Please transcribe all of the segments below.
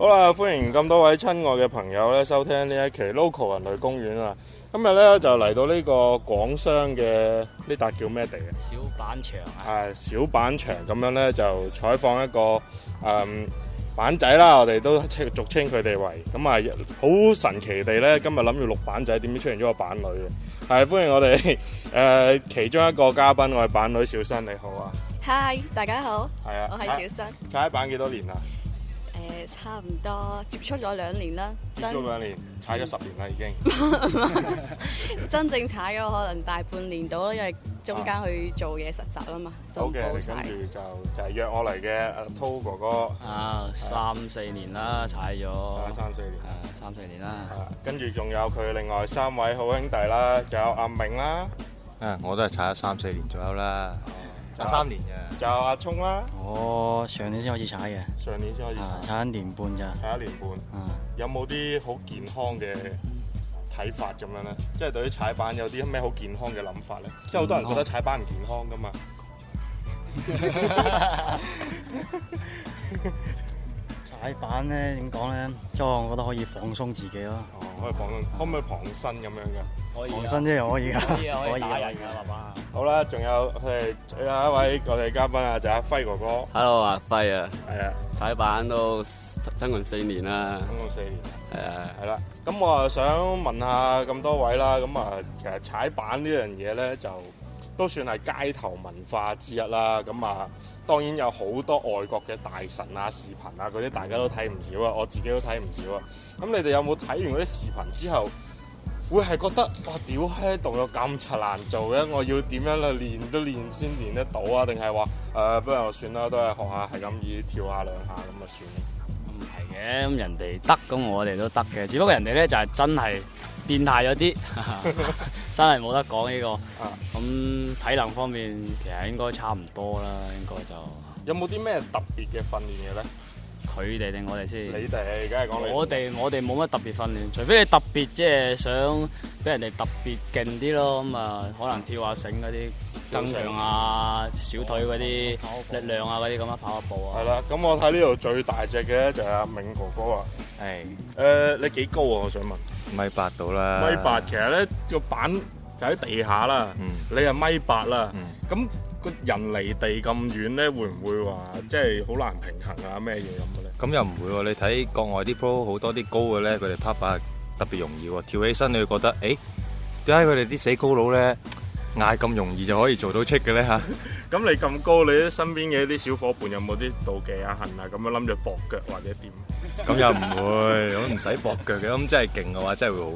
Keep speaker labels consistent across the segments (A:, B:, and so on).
A: 好啦，歡迎咁多位親愛嘅朋友咧，收聽呢一期 Local 人類公園啦、啊。今日咧，就嚟到呢個廣商嘅呢笪叫咩地啊？小板場啊。係小板場，咁樣咧，就採訪一個誒、嗯、板仔啦，我哋都俗俗稱佢哋為咁啊，好、嗯、神奇地咧，今日諗住錄板仔，點知出現咗個板女嘅。係，歡迎我哋誒、呃、其中一個嘉賓，我係板女小新，你好啊。
B: Hi，大家好。
A: 係啊，我係小新。啊、踩板幾多年啦？
B: 誒，差唔多接觸咗兩年啦，接觸兩
A: 年踩咗十年啦已經，
B: 真正踩咗可能大半年到啦，因為中間去做嘢實習啦嘛。好嘅，跟住就
A: 就係約我嚟嘅阿濤哥哥啊，
C: 三
A: 四年啦踩咗，啊三四年，啊三四年啦，跟住仲有佢另外三位好兄弟啦，仲有阿明啦，
D: 啊我都係踩咗三四年左右啦。三年
A: 嘅就阿聰啦。
D: 哦，上年先開始踩嘅，
A: 上年先開始踩、啊，
D: 踩一年半咋？踩
A: 一年半。嗯、啊。有冇啲好健康嘅睇法咁樣咧？即、就、係、是、對於踩板有啲咩好健康嘅諗法咧？即係好多人覺得踩板唔健康噶嘛。嗯 踩板咧，點講咧？即係我覺得
D: 可以放鬆自己咯、
A: 哦。可以放鬆，可唔可以旁身咁樣？以旁身即又可以噶，可以打、啊啊 啊、人嘅嘛。好啦，仲有佢哋最後一位我哋嘉賓啊，就阿、是、輝哥哥。Hello，阿輝啊。係啊。踩板都生存四年啦。生存四年。係啊。啦、啊。咁、啊嗯、我啊想問下咁多位啦，咁啊其實踩板呢樣嘢咧就。都算係街頭文化之一啦，咁啊當然有好多外國嘅大神啊、視頻啊嗰啲，大家都睇唔少啊，我自己都睇唔少啊。咁你哋有冇睇完嗰啲視頻之後，會係覺得哇屌閪，呢度有咁柒難做嘅、啊，我要點樣去練都練先練得到啊？定係話誒，不如算啦，都係學下係咁易跳下兩下咁啊算。唔係嘅，咁人哋得，咁我
C: 哋都得嘅，只不過人哋咧就係真係，變態咗啲，真係冇得講呢個、啊。咁體能方面其實應該差唔多啦，應該就。
A: 有冇啲咩特別嘅訓練嘅咧？佢哋定我哋先？你哋梗係講你我。我哋我
C: 哋冇乜特別訓練，除非你特別即係想俾人哋特別勁啲咯。咁啊，可能跳下繩嗰啲增強啊，小腿嗰、啊、啲力量啊，嗰
A: 啲咁樣，跑下步啊。係啦，咁我睇呢度最大隻嘅咧就阿明哥哥啊。係。誒、呃，你幾高啊？我想問。
D: 米八到啦，米八其
A: 實咧個板就喺地下啦，嗯，你係米八啦，咁、嗯、個人離地咁遠咧，會唔會話即係好難平衡啊咩嘢咁嘅
D: 咧？咁又唔會，你睇國外啲 pro 好多啲高嘅咧，佢哋拍板特別容易，跳起身你會覺得，誒、哎，點解佢哋啲死高佬咧？矮咁容易就可以做到 trick 嘅咧嚇？
A: 咁你咁高，你啲身邊嘅啲小伙伴有冇啲妒忌啊、恨啊咁樣諗著搏腳或者點？咁又唔會，我唔使搏腳嘅。咁真係勁嘅話，真係會好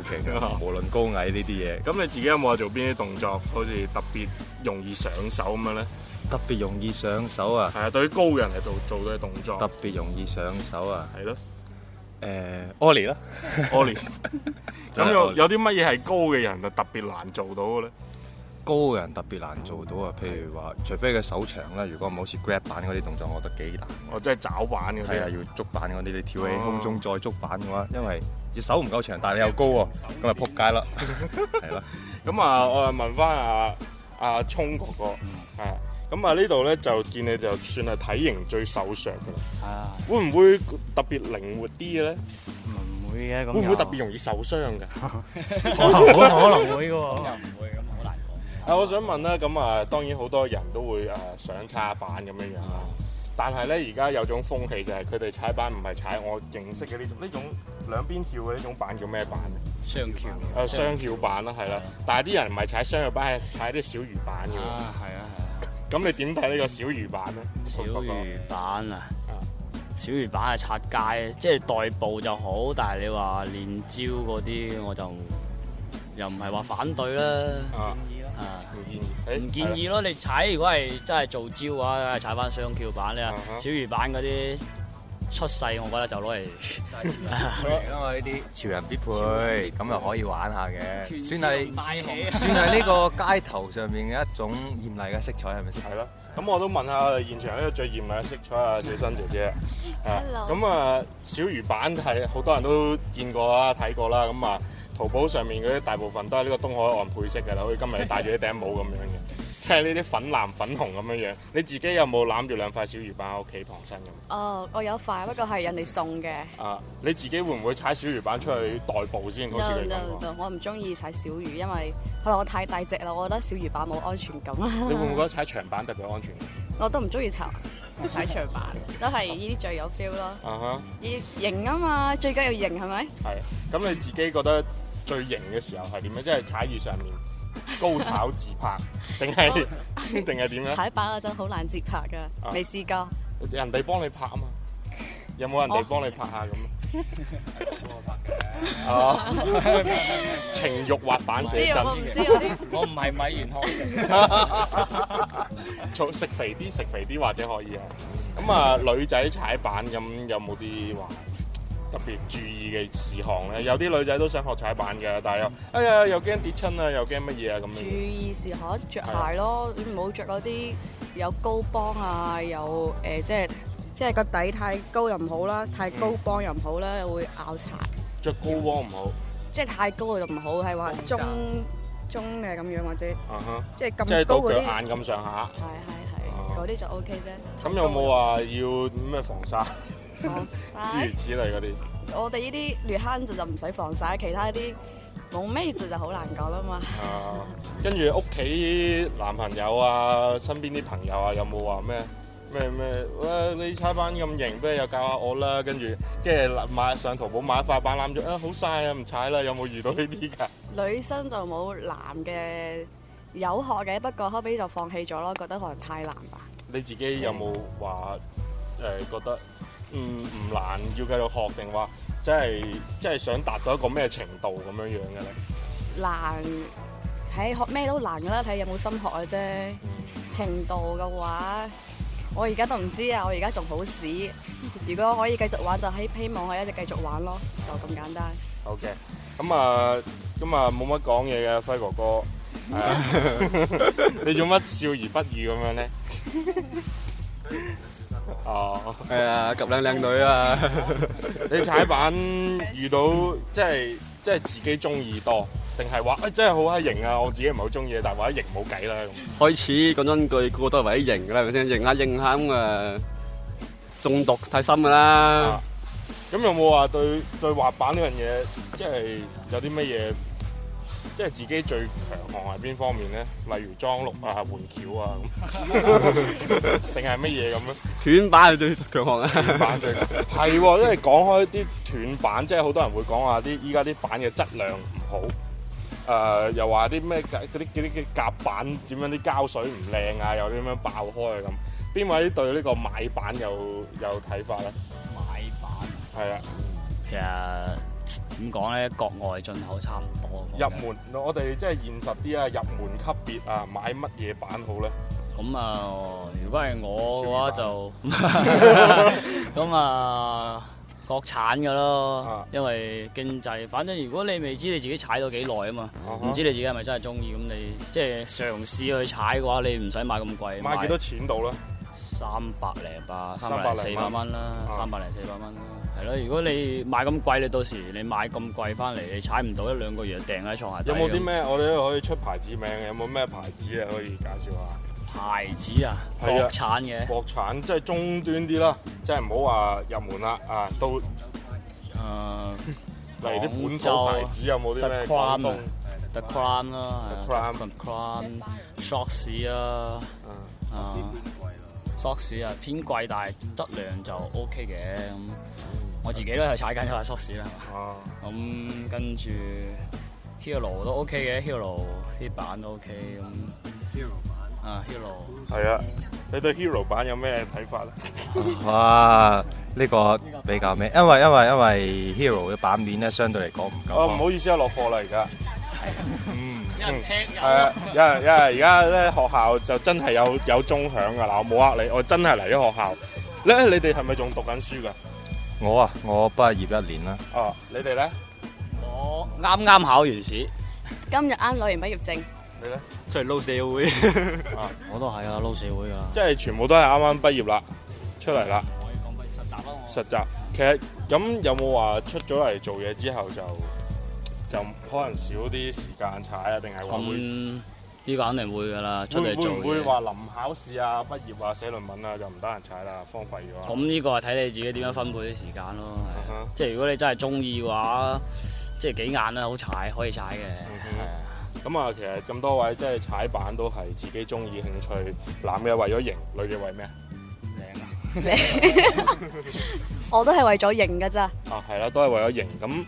A: 勁。無論高矮呢啲嘢。咁你自己有冇話做邊啲動
D: 作，好似特別容易上手咁樣咧？特別容易上手啊？係啊，對於
A: 高嘅人嚟做做嘅動作，特別容易上手啊？係咯，誒，Ollie 咯，Ollie。咁有有啲乜嘢係高嘅人就特別難做到嘅咧？
D: 高嘅人特別難做到啊！譬如話，除非佢手長啦，如果唔好似 grab 板嗰啲動作，我覺得幾難的。
A: 我真係抓板嗰啲。係啊，
D: 要捉板嗰啲，你跳起空中再捉板嘅話、哦，因為
A: 隻手唔夠長，但係你又高喎，咁咪撲街啦。係咯。咁 啊，我問翻阿阿聰哥哥，係、嗯。咁啊，啊呢度咧就見你就算係體型最瘦削嘅啦。啊。會唔會特別靈活啲嘅咧？唔會嘅、啊。會唔會特別容易受傷嘅？可 能 可能會嘅喎。咁唔會。啊，我想問啦，咁啊，當然好多人都會誒上叉板咁樣樣啦、啊。但係咧，而家有種風氣就係佢哋踩板唔係踩我認識嘅呢種呢種兩邊跳嘅呢種板叫咩板？雙翹。誒、啊、雙翹板啦，係啦。但係啲人唔係踩雙翹板，係踩啲小魚板嘅。係啊係啊。咁 你點睇呢個小魚板咧？小
C: 魚板啊。 小魚板係、啊、刷 街，即、就、係、是、代步就好。但係你話練招嗰啲，我就又唔係話反對啦。啊。啊，唔建議咯、嗯，你踩如果係真係做招嘅話，踩翻雙翹板咧、嗯，小魚板嗰啲出世，我覺得就攞
D: 嚟，因為呢啲潮人必配，咁又可以玩一下嘅，算係算係呢個
A: 街頭上面嘅一種艷麗嘅色彩，係咪先？係咯，咁我都問，問下我哋現場呢個最艷麗嘅色彩啊，小新姐姐，咁 啊、uh,，小魚板係好多人都見過啦、睇過啦，咁啊。淘寶上面嗰啲大部分都係呢個東海岸配色嘅啦，好似今日戴住呢頂帽咁樣嘅，即係呢啲粉藍粉紅咁樣樣。你自己有冇攬住兩塊小魚板喺屋企旁身咁？哦、
B: oh,，我有塊，不過係人哋送嘅。
A: 啊、ah,，你自己會唔會踩小魚板出去代步先 no no,？no no
B: 我唔中意踩小魚，因為可能我太大隻啦，我覺得小魚板冇安全感。你會唔會覺
A: 得踩長板特別安全？
B: 我都唔中意踩。踩長板都係呢啲最有 feel 咯。啊哈！要型啊嘛，最緊要型係咪？
A: 係。咁你自己覺得最型嘅時候係點樣？即係踩住上面高炒自拍，定係定係點樣？踩
B: 板嗰陣好難自拍㗎，未、uh-huh. 試過。
A: 人哋幫你拍啊嘛，有冇人哋幫你拍下咁啊？Oh.
E: 哦、oh. 情欲滑板社就呢啲
A: 我唔係米元康嘅。食 肥啲，食肥啲或者可以啊。咁啊、呃，女仔踩板咁有冇啲話特別注意嘅事項咧？有啲女仔都想學踩板嘅，但係又哎呀，又驚跌親啊，又驚乜嘢啊咁。注
B: 意事項着鞋咯，你唔好着嗰啲有高幫啊，有誒，即係即係個底太高又唔好啦，太高幫又唔好啦，嗯，又會拗柴。
A: 着高幫唔好，
B: 即係太高就唔好，係話中中嘅咁樣或者，
A: 即係咁。即係到腳眼咁上下。
B: 係係係，嗰啲就 O K 啫。
A: 咁有冇話要咩防曬？
B: 諸如此類嗰啲。我哋呢啲略慳就就唔使防曬，其他啲冇咩就就好難講啦嘛。啊！
A: 跟住屋企男朋友啊，身邊啲朋友啊，有冇話咩？咩咩，哇！你踩板咁型，不如又教下我啦。跟住即係買上淘寶買一塊板攬住啊，好晒啊，唔踩啦。有冇遇到呢啲噶？
B: 女生就冇，男嘅有學嘅，不過後尾就放棄咗咯，覺得可能太難吧。
A: 你自己有冇話誒？覺得唔唔難，要繼續學定話即係即係想達到一個咩程度咁樣樣嘅咧？
B: 難睇學咩都難噶啦，睇有冇心學嘅啫。程度嘅話。我而家都唔知啊！我而家仲好屎。如果可以繼續玩，就希希望可以一直繼續玩咯，就咁簡單。
A: OK，咁啊，咁啊冇乜講嘢嘅輝哥哥，你做乜笑而不語咁樣咧？哦，係啊，夾靚靚女啊！你踩板遇到即係。即係自己中意多，定係話誒真係好閪型啊！我自己唔係好中意，但係為咗型冇計啦。
D: 開始，講真句，個個都係為咗型啦，係咪先？型下型下咁，誒中毒太深噶啦。
A: 咁、啊、有冇話對對滑板呢樣嘢，即係有啲乜嘢？即係自己最強項係邊方面咧？例如裝碌、嗯、啊、換橋啊咁，定係乜嘢咁咧？
D: 斷板係最
A: 強項啦！斷板最強係喎、 哦，因為講開啲斷板，即係好多人會講話啲依家啲板嘅質量唔好，誒、呃、又話啲咩啲夾板點樣啲膠水唔靚啊，又點樣爆開啊咁？邊位對呢個買板有有睇法咧？買板係啊，其實點講咧？國外進口差唔多。入門，我哋即係現實啲啊！入門級別啊，買乜嘢板好咧？咁啊，如果係我嘅話就
C: 咁 啊，國產㗎咯。因為經濟，反正如果你未知你自己踩到幾耐啊嘛，唔、uh -huh. 知你自己係咪真係中意，咁你即係嘗試去踩嘅話，你唔使買咁貴。買幾多錢到啦？三百零八，三百零四百蚊啦，三百零四百蚊啦。係咯，如果你買咁貴，你到時你買咁貴翻嚟，你踩唔到一兩個月就床，掟喺床下。有冇啲咩？我哋都可以出牌子名？有冇
A: 咩牌子啊？可以介紹下？牌子啊，國、啊、產嘅，國產即係中端啲啦，即係唔好話入門啦。啊，到，啊嚟啲本土牌子有冇啲 Cram，咩？廣東，德寬啦，德寬、德寬、德寬、
C: 德寬啊，啊。有索士啊，偏貴，但係質量就 O K 嘅，我自己都係踩緊一塊索士啦。哦、啊，咁跟住 Hero 都 O K 嘅，Hero 啲板都 O K 咁。
A: Hero 版？啊，Hero。係、okay。啊，你對 Hero 版有咩睇法咧、
D: 啊？哇，呢、這個比較咩？因為因為因為 Hero 嘅版面咧
A: 相對嚟講唔夠。哦、啊，唔好意思啊，落貨啦而家。嗯，係、嗯、啊，一係一係而家咧學校就真係有有鐘響噶啦，我冇呃你，我真係嚟咗學校咧，你哋係咪仲讀緊書噶？
D: 我啊，我畢業一年啦。哦、
A: 啊，你哋咧？我啱啱考完試，
B: 今日啱攞完畢業證。你
A: 咧？出嚟撈社會。 我也是啊，我都係啊，撈社會噶，即係全部都係啱啱畢業了來啦，出嚟啦。可以講畢業實習咯。實習，其實咁有冇話出咗嚟做嘢之後就？就可能少啲時間踩啊，定係會呢、嗯，這
C: 個肯定會噶啦。嚟會唔會話
A: 臨考試啊、畢業啊、寫論文啊就唔得閒踩啦，荒廢咗？咁、嗯、
C: 呢、這個係睇你自己點樣分配啲時間咯、啊嗯啊。即係如果你真係中意嘅話，嗯、
A: 即係幾眼啦，好踩，可以踩嘅。係、嗯、啊。咁、嗯、啊，其實咁多位即係踩板都係自己中意興趣，男嘅為咗型，女嘅為咩啊？靚。
B: 靚。我都係為咗型噶咋。
A: 啊，係啦，都係為咗型咁。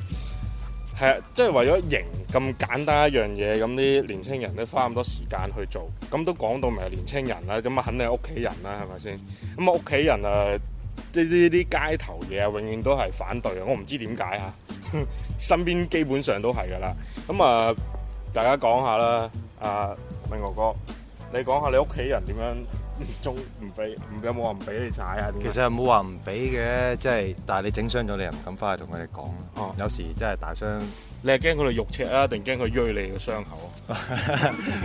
A: 係啊，即係為咗型咁簡單一樣嘢，咁啲年青人都花咁多時間去做，咁都講到唔係年青人啦，咁啊肯定係屋企人啦，係咪先？咁啊屋企人啊，呢呢啲街頭嘢啊，永遠都係反對啊！我唔知點解啊，身邊基本上都係㗎啦。咁啊、呃，大家講下啦，阿、呃、明哥哥，你講下你屋企人點樣？租唔俾，有冇話唔俾你踩啊？其實又
D: 冇話唔俾嘅，即係但係你整傷咗，你又唔敢翻去同佢哋講。哦，有時真係大傷。你係驚佢哋肉赤啊，定驚佢喐你個傷口啊？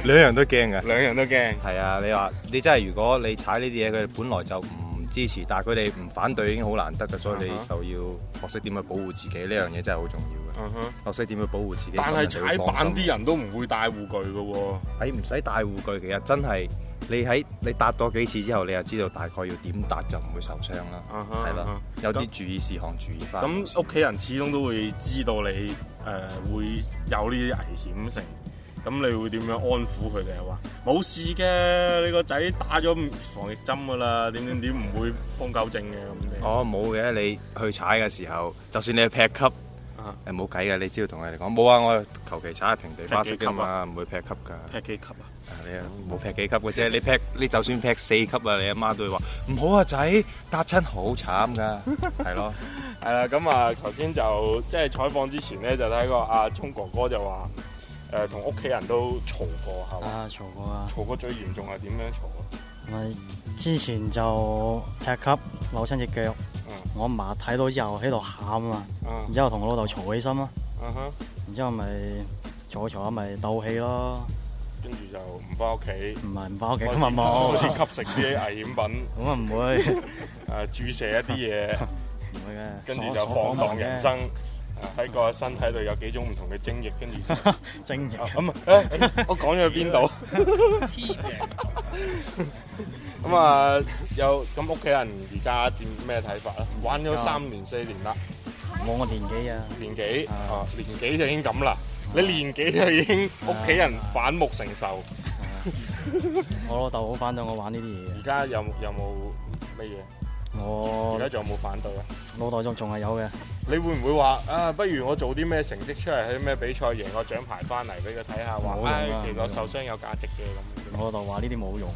D: 兩 樣都驚噶，兩樣都驚。係啊，你話你真係如果你踩呢啲嘢，佢哋本來就唔支持，但係佢哋唔反對已經好難得嘅，所以你就要學識點去保護自己，呢、uh -huh. 樣嘢真係好重要嘅。哼、uh -huh.，學識點去保護自己，但係踩板啲
A: 人都唔會戴護具嘅喎。係唔使
D: 戴護具，其實真係，你喺你搭多幾次之後，你就知道大概要點搭就唔會受傷啦。係、uh、啦 -huh.，uh -huh. 有啲注意事項注意翻。咁
A: 屋企人始終都會知道你誒、呃，會有呢啲危險性。咁你會點樣安撫佢哋啊？話冇事嘅，你個仔打咗防疫針噶啦，點點點唔會瘋狗症嘅
D: 咁。哦，冇嘅，你去踩嘅時候，就算你去劈級，誒冇計嘅，你只要同佢哋講冇啊！我求其踩下平地花式嘅嘛，唔會劈級噶。劈幾級啊？你啊冇劈幾級嘅啫，你劈你就算劈四級啊！你阿媽都會話唔好啊，仔跌親好慘噶，係咯，
A: 係啦。咁啊，頭先就即係採訪之前咧，就睇個阿聰哥哥就話。誒、呃，同屋企人都嘈過，係啊，嘈過啊！嘈過最嚴重係點樣嘈
C: 啊？之前就踢級扭親隻腳，我阿嫲睇到之後，喺度喊啊，然之後同我老豆嘈起身啦，啊，然之後咪嘈嘈咪鬥氣咯，
A: 跟住就唔翻屋企。唔係唔翻屋企咁啊，冇，好似吸食啲危險品。咁啊唔會，誒、 啊、注射一啲嘢唔會嘅。跟住就晃蕩人生。喺個身體度有幾種唔同嘅精液，跟住精液。咁啊，我講咗去邊度？
E: 黐線。咁啊，
A: 有咁屋企人而家點咩睇法咧？玩咗三年四年啦，我個年紀啊，年紀啊，年紀就已經咁啦。你年紀就已經屋企人反目成仇。我老豆好反對我玩呢啲嘢。而家有有冇咩嘢？哦，而家仲有冇反對啊？
C: 老豆仲仲係有嘅。
A: 你會唔會話啊？不如我做啲咩成績出嚟，喺咩比賽贏個獎牌翻嚟俾佢睇下，話唉，跌咗受傷有價值嘅
C: 咁。我老豆話呢啲冇用。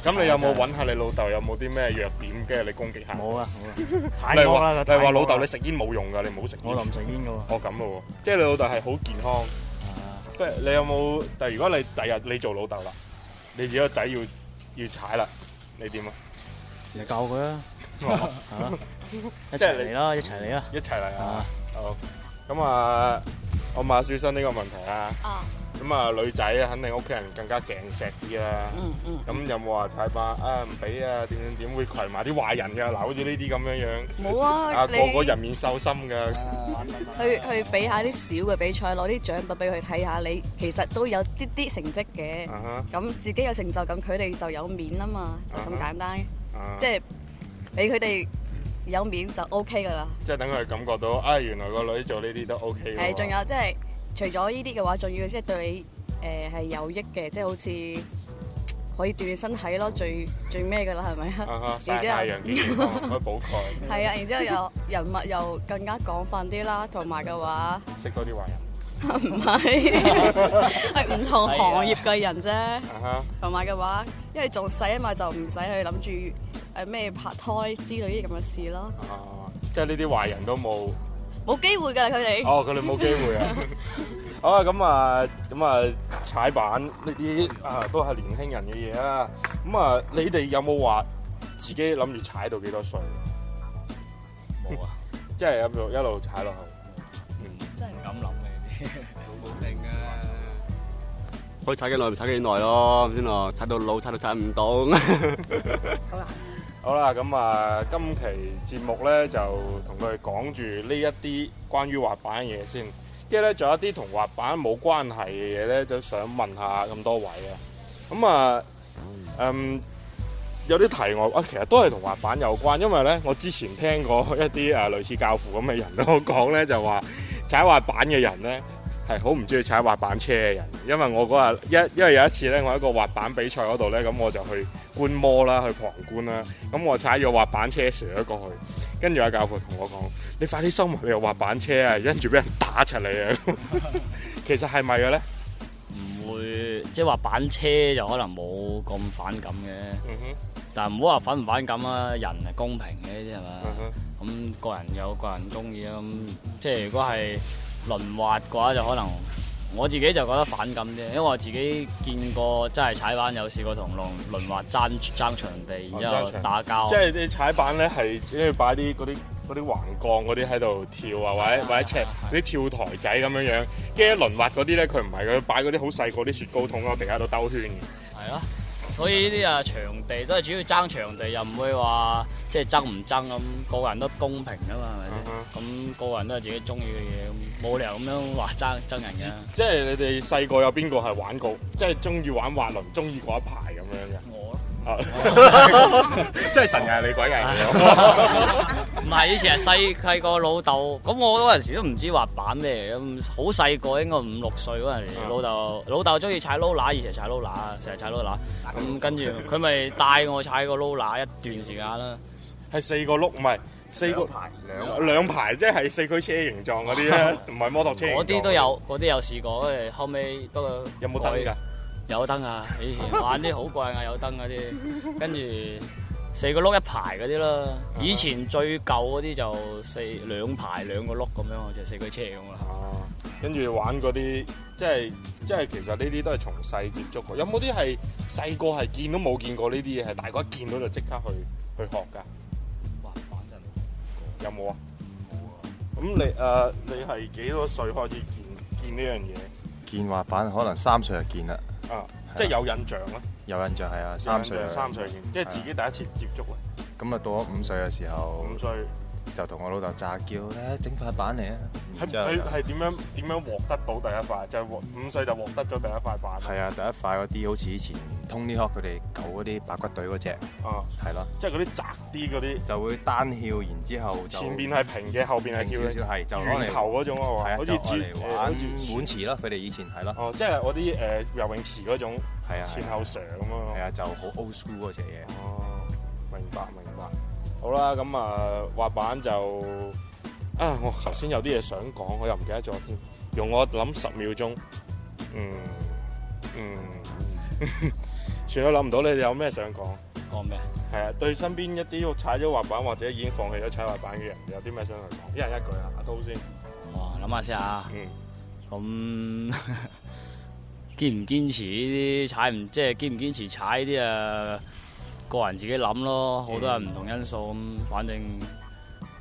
C: 咁 你有冇揾下你
A: 老豆有冇啲咩弱點，跟住你攻擊下？冇啊，太惡啦！但係話老豆你食煙冇用噶，你唔好食煙。我唔食煙噶喎。我咁咯，即係你老豆係好健康。即係你有冇？但係如果你第日，日你做老豆啦，你自己個仔要要踩啦。你點 對吧 啊？你教佢啊，
E: 一
A: 齊嚟啦，一齊嚟啦！一齊嚟啊！好，咁啊，我問下小新呢個問題啊。咁啊，女仔啊，肯定屋企人更加勁錫啲啦。嗯嗯。咁有冇話踩板啊？唔俾啊？點點點會攜埋啲壞人嘅嗱？好似呢啲咁樣樣。
B: 冇啊！個個人
A: 面獸心㗎。
B: 去去比下啲小嘅比賽，攞啲獎品俾佢睇下，你其實都有啲啲成績嘅。啊哈。咁自己有成就感，佢哋就有面啦嘛，就咁簡單。啊。即係俾佢哋有面就 OK 㗎啦。
A: 即係等佢感覺到啊，原來個女做呢啲都 OK。係，仲有
B: 即係。除咗呢啲嘅話，仲要即係對你誒係、呃、有益嘅，即係好似可以鍛鍊身體咯，最最咩嘅啦，係咪啊？太陽可以
E: 補鈣。係 啊然後， 然之後又
B: 人脈又更加廣泛啲啦，同埋嘅話。識、嗯嗯、多啲壞人。唔 係不是，係 唔同行業嘅人啫。同埋嘅話，因為仲細，吖嘛，就唔使去諗住誒咩拍胎之類啲咁嘅事咯。
A: 啊、即係呢啲壞人都冇。
B: 冇機會噶，佢哋哦，
A: 佢哋冇機會啊！好啦，咁啊，咁啊，踩板呢啲啊，都係年輕人嘅嘢啦。咁啊，你哋有冇話自己諗住踩到幾多歲？冇啊，即係一路一路踩落去。真係唔敢諗，老保定
D: 啊！可以踩幾耐就踩幾耐咯，先咯，踩到老踩到踩唔到。好啦。
A: 好啦，咁啊，今期節目咧就同佢哋講住呢一啲關於滑板嘅嘢先，跟住咧仲有一啲同滑板冇關係嘅嘢咧，就想問下咁多位啊。咁啊，嗯，有啲題外啊，其實都係同滑板有關，因為咧我之前聽過一啲啊類似教父咁嘅人都講咧，就話踩滑板嘅人咧係好唔中意踩滑板車嘅人，因為我嗰日一因為有一次咧我喺個滑板比賽嗰度咧，咁我就去。觀摩啦，去旁觀啦。咁我踩住滑板車射咗過去，跟住阿教父同我講：你快啲收埋你個滑板車啊！跟住俾人打出嚟啊！其實係咪嘅咧？
C: 唔會，即係滑板車就可能冇咁反感嘅、嗯。但係唔好話反唔反感啊！人係公平嘅呢啲係嘛？咁、嗯那個人有個人鍾意啊。咁即係如果係輪滑嘅話，就可能。我自己就覺得反感啫，因為我自己見過真係踩板有試過同龍輪，輪滑爭爭場地，然之後打交。即係
A: 啲踩板咧係，即係擺啲啲啲橫桿嗰啲喺度跳啊，或者或者赤啲跳台仔咁樣樣。跟住輪滑嗰啲咧，佢唔係佢擺嗰啲好細個啲雪糕筒喺個地下度兜圈。係啊。
C: 所以呢啲啊場地都係主要爭場地，又唔會話即係爭唔爭咁，個人都公平啊嘛，係咪先？咁、uh-huh.
A: 個人都係自己中意嘅嘢，冇理由咁樣話爭爭人㗎。即係你哋細個有邊個係玩過，即係中意玩滑輪，中意嗰一排咁樣嘅？我。真即係神人係你鬼人嚟，
C: 唔係以前係細契個老豆咁。咁我嗰陣時都唔知滑板咩嘅，好細個應該五六歲嗰陣時，老豆老豆中意踩撈拿，以前踩撈拿、嗯，成日踩撈拿。咁跟住佢咪帶我踩個撈
A: 乸一段時間啦。係 四個轆唔係四個排兩兩排，即係、就是、四驅車形狀嗰啲唔係摩托車嗰啲。嗰 啲都
C: 有，嗰啲有試過，後尾不過有冇睇？有冇
A: 有燈啊！以前玩啲
C: 好貴啊，有燈嗰啲，跟住四個轆一排嗰啲咯。以前最舊嗰啲就四兩排兩
A: 個轆咁樣，就是、四個車咁啊。哦，跟住玩嗰啲即係即係，其實呢啲都係從細接觸過。有冇啲係細個係見都冇見過呢啲嘢，係大個一見到就即刻去去學㗎？
E: 滑板真
A: 有冇啊？冇啊。咁、呃、你誒你係幾多歲開始見見呢樣嘢？
D: 見滑板可能三歲就見啦。
A: 啊，是啊！即係有印象咯，
D: 有印象係啊，三歲，三歲先，啊，即係自己
A: 第一次接觸啊。
D: 咁啊，到咗五歲嘅時候，五歲。就同我老豆詐叫咧，整
A: 塊板嚟啊！係係係點樣點樣獲得到第一塊？就五、是、歲就獲得咗第一塊板。係
D: 啊，第一塊嗰啲好似以前 Tony Hawk 佢哋舊嗰啲白骨隊嗰隻。哦，係咯，即係嗰啲窄啲嗰啲就會單翹，然之後前面係平嘅，後邊係翹少少，係就圓頭嗰種啊，好似住板碗池咯，佢哋以前係咯。
A: 哦，即係嗰啲誒游泳池嗰種，啊，啊後前後上啊嘛。係啊，就好、啊啊啊呃啊啊啊啊啊、old school 嗰隻嘢。哦、啊，明白明白。好啦，咁啊滑板就啊，我頭先有啲嘢想講，我又唔記得咗添。用我諗十秒鐘，嗯嗯，算啦，諗唔到你哋有咩想講。講咩？係啊，對身邊一啲踩咗滑板或者已經放棄咗踩滑板嘅人，有啲咩想嚟講？一人一句啊，阿濤先。哦，諗下先啊。
C: 嗯。咁堅唔堅持呢啲踩唔即係堅唔堅持踩啲啊？個人自己諗咯，好多人唔同因素，咁反正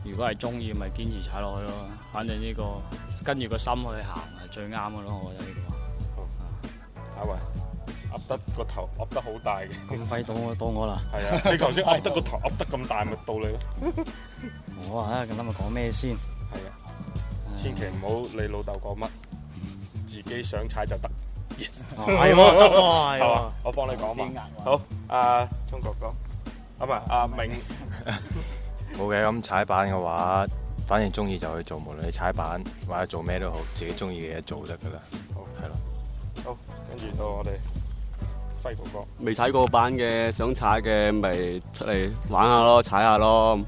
C: 如果係中意咪堅持踩落去咯，反正呢，這個跟住個心去行係最啱嘅咯，我覺得呢個。阿云，
A: 噏，啊啊，得個頭噏得好大嘅，咁快
C: 到我 到我啦。係啊， 你上上 頭先噏得個
A: 頭噏得咁大咪到你
C: 咯。我啊，今日諗住講咩先？
A: 係啊，千祈唔好你老豆講乜，自己想踩就得。
E: 係、yes. 喎、oh, 哎哎，我幫你講嘛。
A: 好，阿聰哥哥，咁啊，阿、啊、明。
D: 冇嘅，咁踩板嘅話，反正中意就去做，無論你踩板或者做咩都好，自己中意嘅嘢，做得噶啦。好，係好，
A: 跟住到我哋輝哥哥。
D: 未踩過板嘅，想踩嘅咪出嚟玩下咯，踩下咯。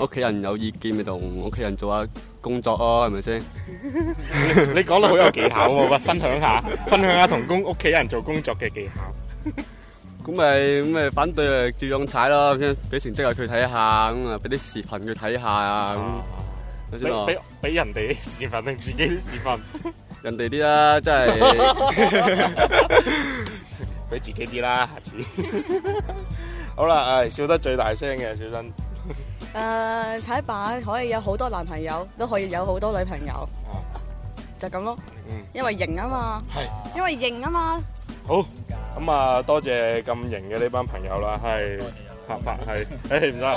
D: 屋企人有意見咪同屋企人做下。工作哦，係咪先？你講得好有技巧喎，分享下，分享下
A: 同屋企人做工作嘅技巧。
D: 咁咪咁咪反對，咪照樣踩咯。俾成績佢睇下，咁啊俾啲視頻佢睇下啊。俾
A: 俾人哋啲視頻定自己啲視頻？人哋啲啦，真係俾自己啲啦。下次好啦，唉，笑得最大聲嘅小心。
B: 誒，踩板可以有好多男朋友，都可以有好多女朋友，就咁咯。因為型啊嘛，因為型啊嘛。
A: 好，咁啊多謝咁型嘅呢班朋友啦，係阿柏係，誒唔該，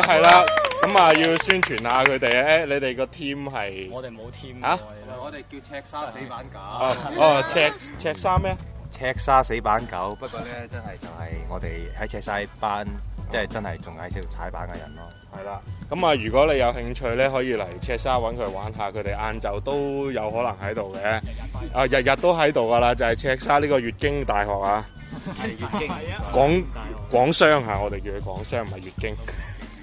A: 誒係啦，咁啊要宣傳下佢哋咧，你哋個 team 係我哋冇 team
D: 啊，我哋叫赤沙死板狗。哦，
A: 赤赤沙咩？
D: 赤沙死板狗，不過咧真係就係我哋喺赤沙班，即係真係仲係喺度踩板嘅人咯。係啦，
A: 咁啊，如果你有興趣咧，可以嚟赤沙揾佢玩下，佢哋晏晝都有可能喺度嘅，啊日日都喺度噶啦，就係、是、赤沙呢個粵京大學啊，係 粵京，
D: 廣
A: 廣商係我哋叫佢廣商，唔係粵京，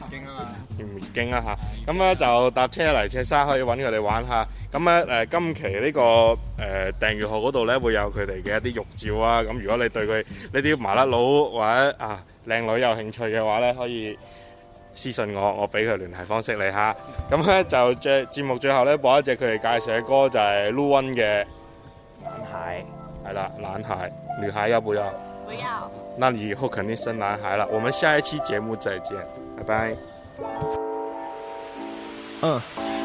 A: 粵京啊嘛，粵京啊吓，咁咧、啊啊啊、就搭車嚟赤沙可以揾佢哋玩下，咁咧誒今期呢、這個誒、呃、訂閱號嗰度咧會有佢哋嘅一啲玉照啊，咁如果你對佢呢啲麻甩佬或者啊靚女有興趣嘅話咧，可以。私信我，我俾佢聯繫方式你吓。咁咧就最節目最後咧播一隻佢哋介紹嘅歌，就係、是、Luwan 嘅男孩。係啦，男孩，女孩要不要？
E: 不要。
A: 那你以後肯定生男孩啦。我們下一期節目再見，拜拜。嗯、啊。